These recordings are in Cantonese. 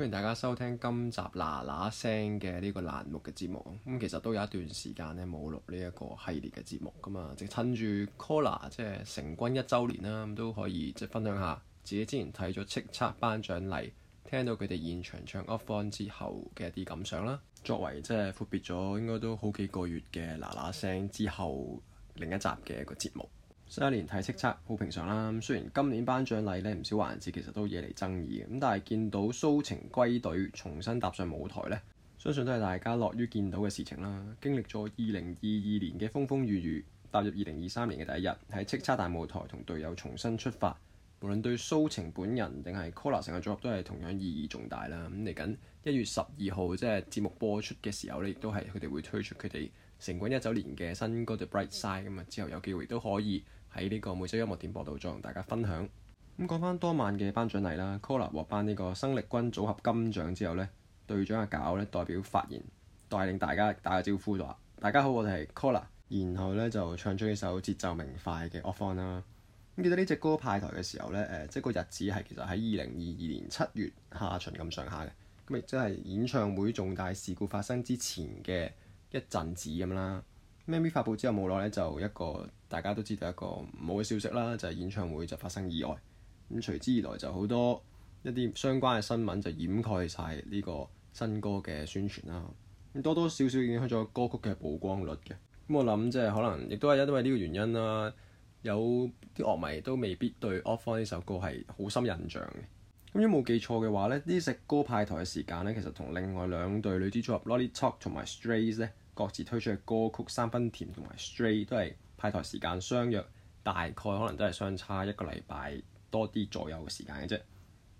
歡迎大家收聽今集嗱嗱聲嘅呢個欄目嘅節目。咁其實都有一段時間咧冇錄呢一個系列嘅節目咁啊，就趁住 COLLAR 即係成軍一周年啦，咁都可以即分享下自己之前睇咗叱咤頒獎禮，聽到佢哋現場唱 off《Off On》之後嘅一啲感想啦。作為即係闊別咗應該都好幾個月嘅嗱嗱聲之後，另一集嘅一個節目。上一年睇《叱咤》，好平常啦。雖然今年頒獎禮咧唔少環節其實都惹嚟爭議嘅，咁但係見到蘇晴歸隊重新踏上舞台咧，相信都係大家樂於見到嘅事情啦。經歷咗二零二二年嘅風風雨雨，踏入二零二三年嘅第一日喺《叱咤》大舞台同隊友重新出發，無論對蘇晴本人定係 COLLAR 成個組合都係同樣意義重大啦。咁嚟緊一月十二號即係節目播出嘅時候咧，亦都係佢哋會推出佢哋成軍一九年嘅新歌《The Bright Side》咁啊，之後有機會亦都可以。喺呢個每周音樂電播度再同大家分享。咁講翻多晚嘅頒獎禮啦 COLLAR 獲頒呢個生力軍組合金獎之後呢隊長阿搞咧代表發言，帶領大家打個招呼就話。大家好，我哋係 COLLAR 然後呢就唱出呢首節奏明快嘅《Off On》啦。咁記得呢隻歌派台嘅時候呢，誒、呃、即係個日子係其實喺二零二二年七月下旬咁上下嘅。咁亦即係演唱會重大事故發生之前嘅一陣子咁啦。Mimi 發佈之後冇耐呢，就一個。大家都知道一個唔好嘅消息啦，就係、是、演唱會就發生意外。咁隨之而來就好多一啲相關嘅新聞，就掩蓋晒呢個新歌嘅宣傳啦。咁多多少少影響咗歌曲嘅曝光率嘅。咁我諗即係可能亦都係因為呢個原因啦，有啲樂迷都未必對 Off/On 呢首歌係好深印象嘅。咁如果冇記錯嘅話呢，呢首歌派台嘅時間呢，其實同另外兩隊女團組合 Lolly Talk 同埋 Strays 呢各自推出嘅歌曲《三分甜》同埋 Strays 都係。派台時間相約大概可能都係相差一個禮拜多啲左右嘅時間嘅啫。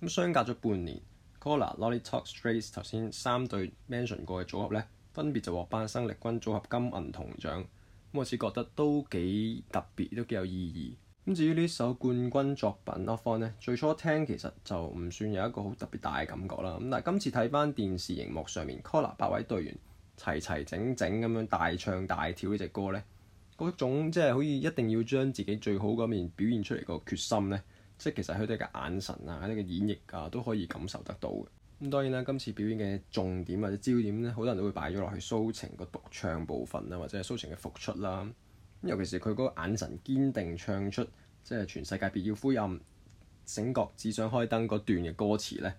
咁相隔咗半年 COLLAR、Lolly Talk、Strayz 頭先三隊 mention 過嘅組合咧，分別就獲頒生力軍組合金銀銅獎。咁我似覺得都幾特別，都幾有意義。咁至於呢首冠軍作品《Off On》咧，最初聽其實就唔算有一個好特別大嘅感覺啦。咁但今次睇翻電視熒幕上面 COLLAR 八位隊員齊齊整整咁樣大唱大跳呢隻歌咧。嗰種即係可以一定要將自己最好嗰面表現出嚟個決心呢，即係其實佢哋嘅眼神啊、呢個演繹啊都可以感受得到嘅。咁當然啦，今次表演嘅重點或者焦點呢，好多人都會擺咗落去蘇晴個獨唱部分啊，或者係蘇晴嘅復出啦。尤其是佢嗰個眼神堅定唱出即係全世界別要灰暗，醒覺只想開燈嗰段嘅歌詞呢，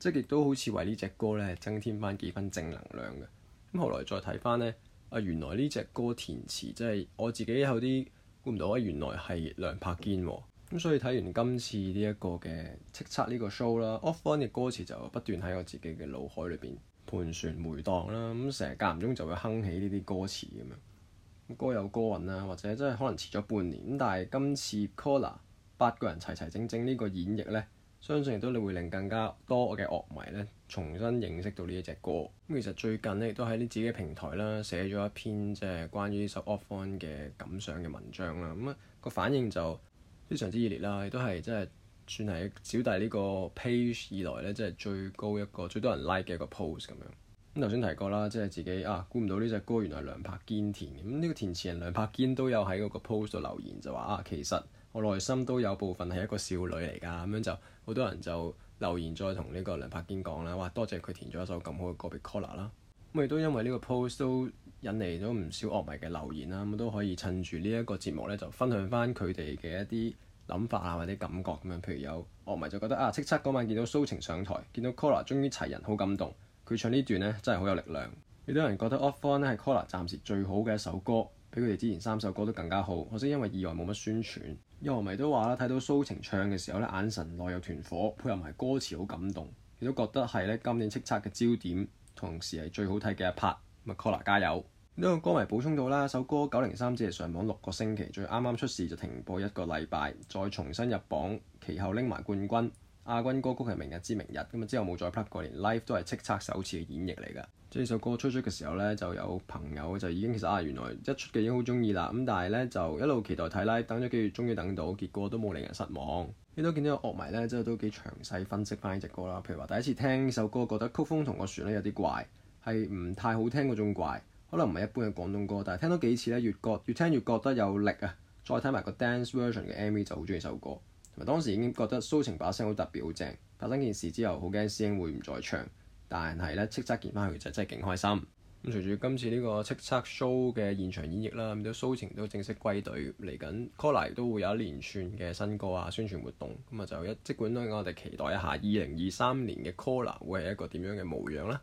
即係亦都好似為呢隻歌呢增添翻幾分正能量嘅。咁後來再睇翻呢。啊，原來呢隻歌填詞真係我自己有啲估唔到啊！原來係梁柏堅喎，咁所以睇完今次呢一個嘅叱咤呢個 show 啦，Off/On 嘅歌詞就不斷喺我自己嘅腦海裏邊盤旋迴盪啦，咁成日間唔中就會哼起呢啲歌詞咁樣。歌有歌運啊，或者真係可能遲咗半年，咁但係今次 COLLAR 八個人齊齊整整呢個演繹呢。相信亦都會令更加多嘅樂迷咧，重新認識到呢一隻歌。咁其實最近咧，亦都喺啲自己嘅平台啦，寫咗一篇即係關於呢首《Offline》嘅感想嘅文章啦。咁、那、啊個反應就非常之熱烈啦，亦都係真係算係小弟呢個 page 以來咧，即係最高一個最多人 like 嘅一個 post 咁樣。咁頭先提過啦，即係自己啊估唔到呢隻歌原來係梁柏堅填嘅。咁呢個填詞人梁柏堅都有喺嗰個 post 度留言就話啊其實。我內心都有部分係一個少女嚟㗎，咁樣就好多人就留言再同呢個梁柏堅講啦。哇！多謝佢填咗一首咁好嘅歌俾 Collar 啦。咁、嗯、亦都因為呢個 post 都引嚟咗唔少樂迷嘅留言啦。咁、嗯、都可以趁住呢一個節目咧，就分享翻佢哋嘅一啲諗法啊，或者感覺咁樣。譬如有樂迷就覺得啊，七七嗰晚見到蘇晴上台，見到 Collar 終於齊人，好感動。佢唱段呢段咧真係好有力量。亦都有人覺得《OFF/ON》係 Collar 暫時最好嘅一首歌，比佢哋之前三首歌都更加好。可惜因為意外冇乜宣傳。有歌迷都話啦，睇到蘇晴唱嘅時候眼神內有團火，配合埋歌詞好感動，亦都覺得係今年叱咤嘅焦點，同時係最好睇嘅一拍。COLLAR 加油！呢個歌迷補充到啦，首歌九零三只係上榜六個星期，最啱啱出事就停播一個禮拜，再重新入榜，其後拎埋冠軍。亞軍歌曲係明日之明日咁啊，之後冇再 plug 過，連 life 都係叱咤首次嘅演繹嚟㗎。呢首歌推出嘅時候呢，就有朋友就已經其實啊，原來一出嘅已經好中意啦。咁但係呢，就一路期待睇啦。等咗幾月終於等到，結果都冇令人失望。你都見到樂迷呢，真係都幾詳細分析翻呢隻歌啦。譬如話第一次聽首歌覺得曲風同個旋律有啲怪，係唔太好聽嗰種怪，可能唔係一般嘅廣東歌。但係聽多幾次呢，越覺越聽越覺得有力啊。再睇埋個 dance version 嘅 MV 就好中意首歌。同埋當時已經覺得蘇晴把聲好特別，好正，發生件事之後好驚師兄會唔再唱，但係咧叱咤見翻佢就真係勁開心。咁隨住今次呢個叱咤 show 嘅現場演繹啦，咁都蘇晴都正式歸隊嚟緊，Collar 都會有一連串嘅新歌啊，宣傳活動。咁啊就一，即管都我哋期待一下二零二三年嘅 Collar 會係一個點樣嘅模樣啦。